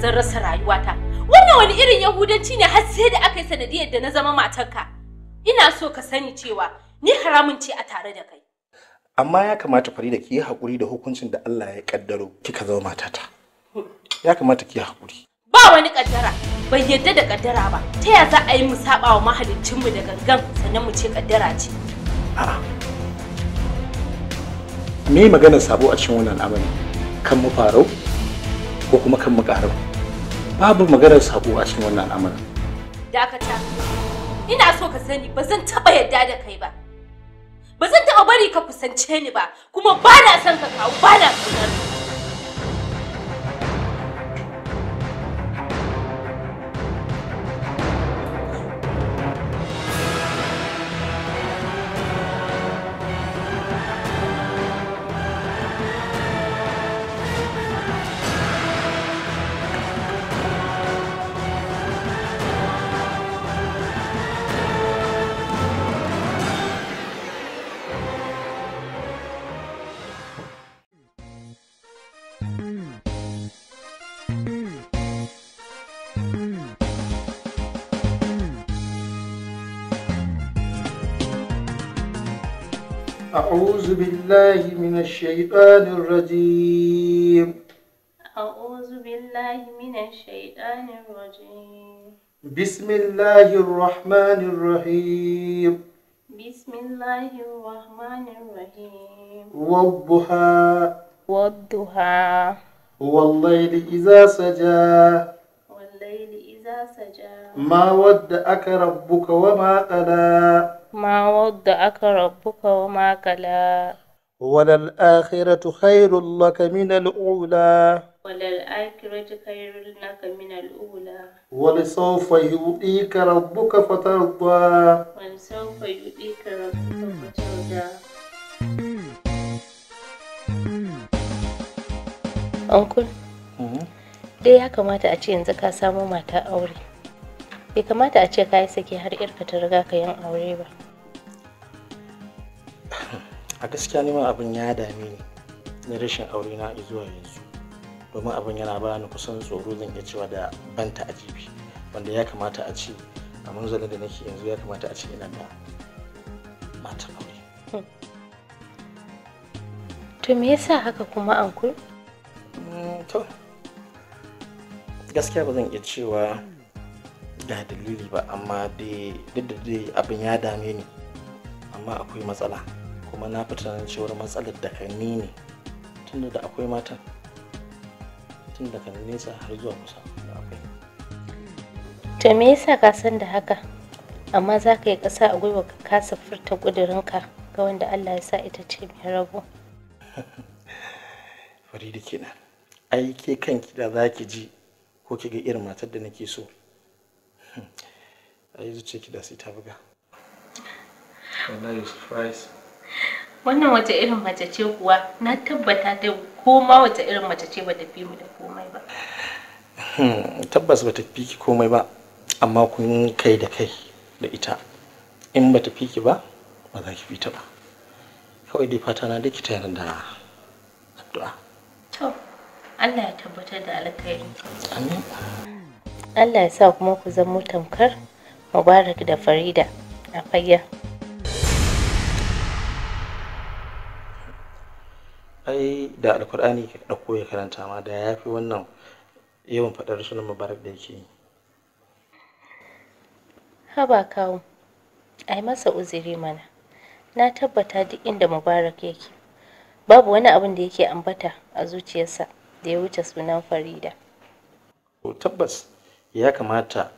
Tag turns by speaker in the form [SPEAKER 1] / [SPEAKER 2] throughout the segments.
[SPEAKER 1] zan rasa rayuwata wannan wani irin yahudanci ne har sai da aka yi sanadiyar da na zama matarka ina so ka sani cewa ni haramun ce a tare da kai
[SPEAKER 2] amma ya kamata farida ki yi haƙuri da hukuncin da Allah ya kaddaro kika zama matata ya kamata ki yi
[SPEAKER 1] haƙuri ba wani kaddara bai yadda da kaddara ba ta ya za a yi mu saba wa mahalicinmu da gangan sannan mu ce kaddara ce a'a
[SPEAKER 2] me maganar sabo a cikin wannan abin? kan mu farau ko kuma kan mukarau babu maganar sako a cikin wannan al'amarin
[SPEAKER 1] dakata ina so ka sani ba zan taba yadda da kai ba ba zan taba bari ka kusance ni ba kuma ba na son ka kawo ba na son
[SPEAKER 2] أعوذ بالله من الشيطان الرجيم
[SPEAKER 1] أعوذ بالله من الشيطان الرجيم
[SPEAKER 2] بسم الله الرحمن الرحيم
[SPEAKER 1] بسم الله الرحمن الرحيم
[SPEAKER 2] والضحى
[SPEAKER 1] والضحى
[SPEAKER 2] والليل إذا سجى
[SPEAKER 1] والليل إذا سجى
[SPEAKER 2] ما ودأك ربك وما قلى
[SPEAKER 1] ما ودعك ربك وما كلا
[SPEAKER 2] وللآخرة خير لك من الأولى
[SPEAKER 1] وللآخرة خير لك من الأولى
[SPEAKER 2] ولسوف يؤتيك ربك فترضى
[SPEAKER 1] ولسوف يؤتيك ربك فترضى Uncle, dai ya kamata a ce yanzu ka samo mata aure. Bai kamata a ce ka yi sake har irka ta riga ka yin aure ba.
[SPEAKER 2] a gaskiya neman abin ya dame ni na rashin aure na zuwa yanzu domin abin yana ba ni kusan tsoro zan iya cewa da banta a jibi wanda ya kamata a ce a manzalin da nake yanzu ya kamata a ce ina da mata
[SPEAKER 1] aure to me yasa haka kuma anku mm, to
[SPEAKER 2] gaskiya ba zan iya cewa da dalili ba amma dai duk da dai abin ya dame ni amma akwai matsala kuma na fita nan cewar matsalar da kanni ne tunda da akwai mata tun daga nesa har zuwa
[SPEAKER 1] kusa da akwai to me yasa ka san da haka amma za ka yi ƙasa a gwiwa ka kasa furta ƙudurinka ga wanda Allah ya sa ita ce mai rabo
[SPEAKER 2] farida kenan ai ke kanki da za ki ji ko ki ga irin matar da nake so hmm. ai zuciya ki da sai ta buga wallahi surprise
[SPEAKER 1] wannan wace irin mace ce kuwa na tabbata ta koma wace irin mace ce bata fi mu da komai ba
[SPEAKER 2] hmm, tabbas bata fi ki komai ba amma kun kai da kai da ita in bata fi ki ba ba za ki fi ta ba kawai dai fata na dake tayar
[SPEAKER 1] da addu'a to Allah ya tabbatar da alkhairi amin Allah ya sa kuma ku zama tamkar Mubarak da Farida a fayya
[SPEAKER 2] ai da alkur'ani ka ɗauko ya karanta ma da ya fi wannan yawan faɗar sunan mubarak da yake yi
[SPEAKER 1] haba kawo ai masa uziri mana na tabbata duk inda mubarak yake babu wani abin da yake ambata a zuciyarsa da ya wuce sunan farida
[SPEAKER 2] to tabbas ya kamata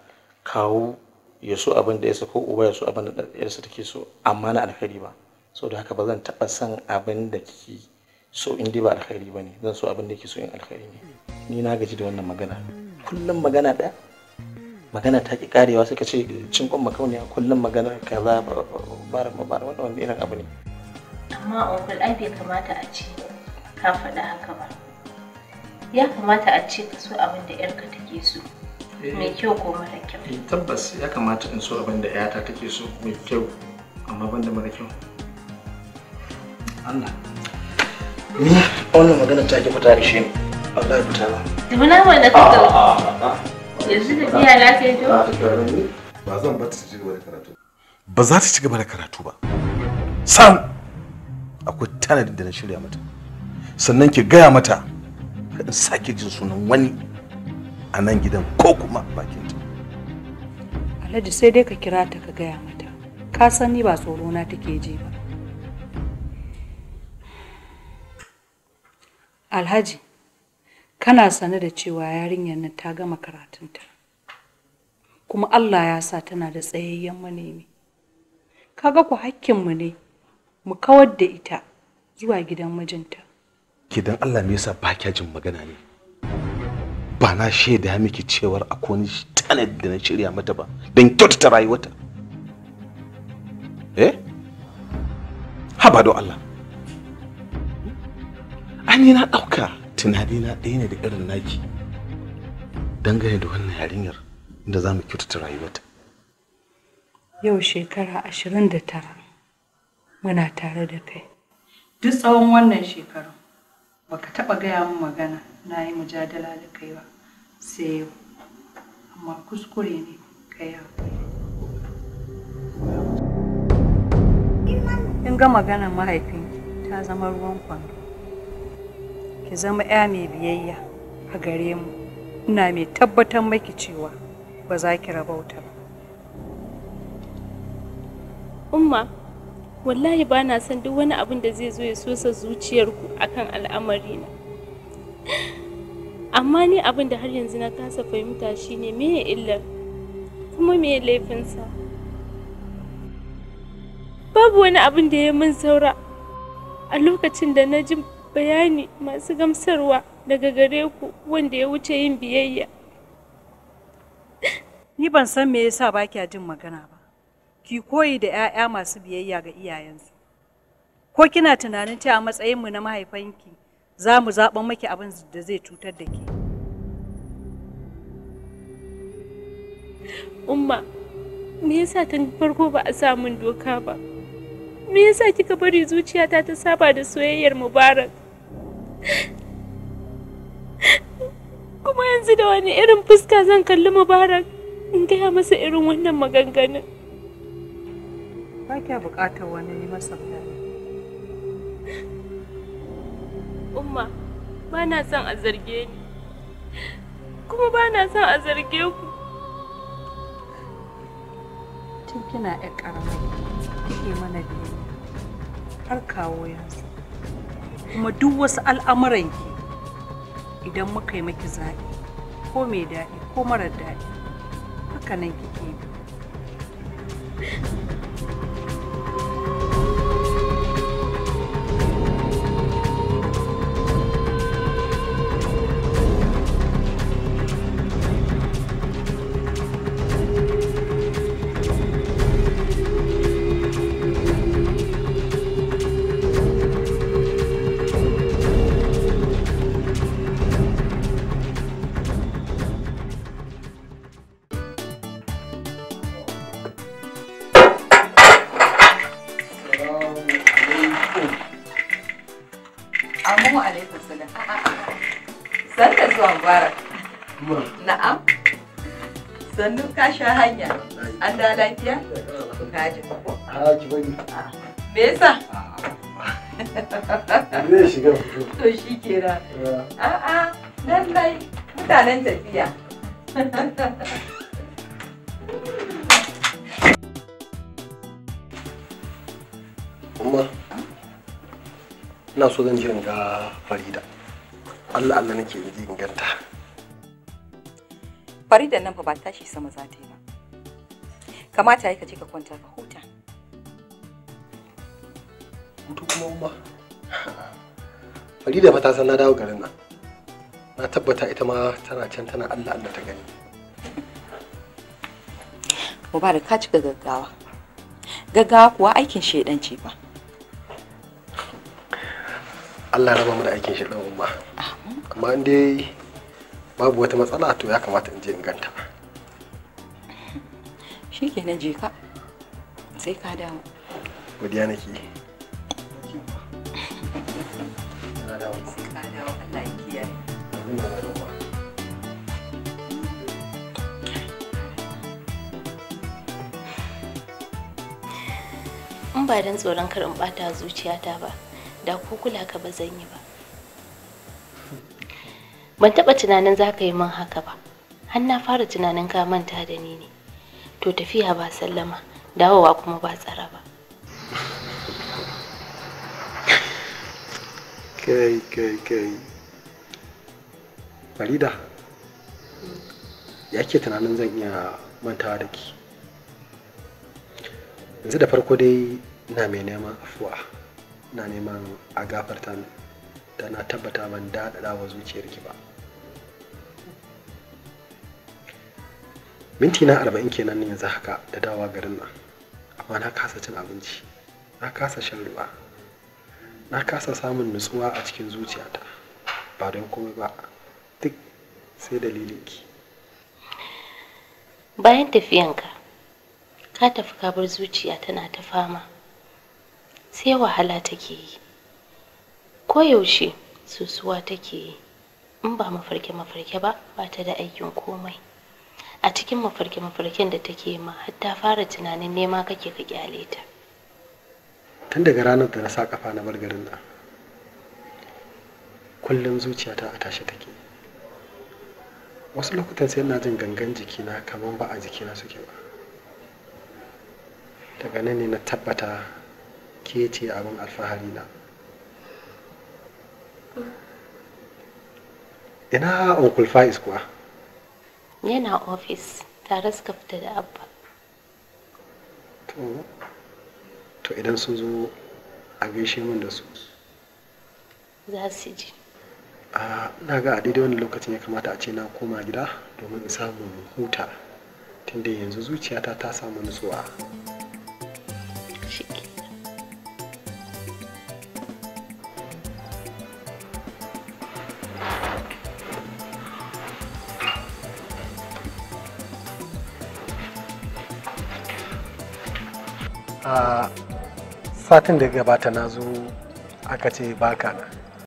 [SPEAKER 2] kawo ya so abin da ya ko uba ya so abin da yarsa take so amma na alheri ba saboda haka ba zan taɓa san abin da kike so in dai ba alkhairi ba ne zan so abin da yake so in alkhairi ne ni na gaji da wannan magana kullum magana ɗaya magana ta ki karewa suka ce cin kwan makauniya kullum magana ba ba ba wannan wanda irin abu ne
[SPEAKER 1] amma uncle ai bai kamata a ce ka faɗa haka ba ya kamata a ce ka so abin da yarka take so eh. mai kyau ko mara kyau
[SPEAKER 2] eh, tabbas ya kamata in so abin da yata take so mai kyau amma banda da mara kyau Allah ni wannan magana ta ki fita ishe ni Allah ya fita ba tafi
[SPEAKER 1] na wanda ka ga
[SPEAKER 2] ah, ah, ah,
[SPEAKER 1] yanzu da biya lafiya jo
[SPEAKER 2] ba zan ba ta ci gaba da karatu ba za ta ci gaba da karatu ba San akwai tanadin da na shirya mata sannan ki gaya mata in sake jin sunan wani a nan gidan ko kuma bakin ta
[SPEAKER 3] Alhaji sai dai ka kira ta ka gaya mata ka san ni ba tsoro na take ji ba Alhaji, kana sane da cewa yarinyar nan ta gama karatunta, kuma Allah ya sa tana da tsayayyen manemi. Kaga ku mu ne, mu kawar da ita zuwa gidan mijinta.
[SPEAKER 2] Gidan Allah me yasa ba kya jin magana ne? Ba na shaida miki cewar akwai wani da na shirya mata ba, don kyautata rayuwarta. Eh? Haba don Allah. ni na ɗauka tunani na ɗaya ne da irin naki dangane da wannan yarinyar da za mu kyautata rayuwarta.
[SPEAKER 3] Yau shekara ashirin da tara muna tare da kai. Duk tsawon wannan shekaru baka taɓa gaya min magana na yi mujadala da kai ba sai yau. Amma kuskure ne ka yi In ga magana mahaifinki ta zama ruwan kwando. ki zama ya mai biyayya a gare mu ina mai tabbatar maki cewa ba za ki rabauta ba
[SPEAKER 1] umma wallahi ba na son duk wani abin da zai zo ya sosa zuciyarku akan al'amarina amma ni abin da har yanzu na kasa fahimta shine meye illar kuma meye laifinsa babu wani abin da ya min saura a lokacin da na
[SPEAKER 3] ji bayani masu gamsarwa daga gare ku wanda ya wuce yin biyayya. Ni ban san me yasa ba kya jin magana ba. Ki koyi da 'ya'ya masu biyayya ga iyayensu. Ko kina tunanin cewa matsayinmu na mahaifanki za mu zaɓa maki abin da zai cutar da ke. Umma, me yasa tun farko
[SPEAKER 1] ba a samun doka ba? me yasa kika bari zuciyata ta saba da soyayyar mubarak kuma yanzu da wani irin fuska zan kalli mubarak in gaya masa irin wannan maganganun
[SPEAKER 3] ba kya bukatar wani masa
[SPEAKER 1] umma ba na son a zarge ni kuma ba na son a zarge ku
[SPEAKER 3] tun kina 'yar ƙarama kike mana biyu har kawo yanzu kuma duk wasu al'amuran ki idan muka yi maki zaɓi ko mai daɗi ko marar daɗi haka nan kike bi Amu alaikum salam. Sanda zuwa Mubarak. Na'am. Sannu ka sha hanya. An da lafiya? Ka ji ko?
[SPEAKER 4] A ki bani.
[SPEAKER 3] Me yasa? Zai shiga To shi kenan. A'a, lallai mutanen tafiya.
[SPEAKER 4] amma ina so zan je in ga farida allah allah nake in je in ganta
[SPEAKER 3] Farida nan fa ba tashi sama za ta yi ba kamata ya ka je ka kwanta ka huta
[SPEAKER 4] hutu kuma umma farida fa ta san na dawo garin nan na tabbata ita ma tana can tana allah allah ta gani
[SPEAKER 3] mubarak ka cika gaggawa gaggawa kuwa aikin shaidan ce fa
[SPEAKER 4] Allah raba mu da aikin shi dan umma amma in dai babu wata matsala to ya kamata in je in ganta
[SPEAKER 3] shikenan je ka sai ka dawo
[SPEAKER 4] godiya nake
[SPEAKER 1] in ba don tsoron kar in bata zuciyata ba da ko kula ka ba zan yi ba ban taɓa tunanin za ka yi min haka ba har na fara tunanin ka manta da ni ne to tafiya ba sallama dawowa kuma ba tsara ba
[SPEAKER 4] kai kai kai farida ya ke tunanin zan iya mantawa da ki yanzu da farko dai ina mai neman afuwa na neman a gafarta min da na tabbata ban daɗaɗa wa ki ba minti na arba'in kenan yanzu haka da dawa garin nan amma na kasa cin abinci na kasa shan ruwa na kasa samun nutsuwa a cikin zuciyata ba don komai ba duk sai dalilin ki.
[SPEAKER 1] bayan tafiyanka ka tafi kabar zuciya tana ta fama sai wahala take yi koyaushe susuwa take yi in ba mafarke-mafarke ba ba ta da aikin komai a cikin mafarke-mafarken da take ma har ta fara tunanin nema kake ka kyale ta
[SPEAKER 4] tun daga ranar da na sa kafa na bar garin nan kullum zuciyata a tashi take wasu lokutan sai ina jin gangan jikina kamar ba a jikina suke ba daga nan ne na tabbata ke ce abin alfahari na ina uncle faiz kuwa
[SPEAKER 1] yana ofis tare suka fita da abba
[SPEAKER 4] to idan sun zo a gaishe min da su
[SPEAKER 1] za su ji
[SPEAKER 4] na ga a daidai wani lokacin ya kamata a ce na koma gida domin samun huta tunda yanzu zuciyata ta samu nutsuwa.
[SPEAKER 3] satin da gabata na zo aka ce baka na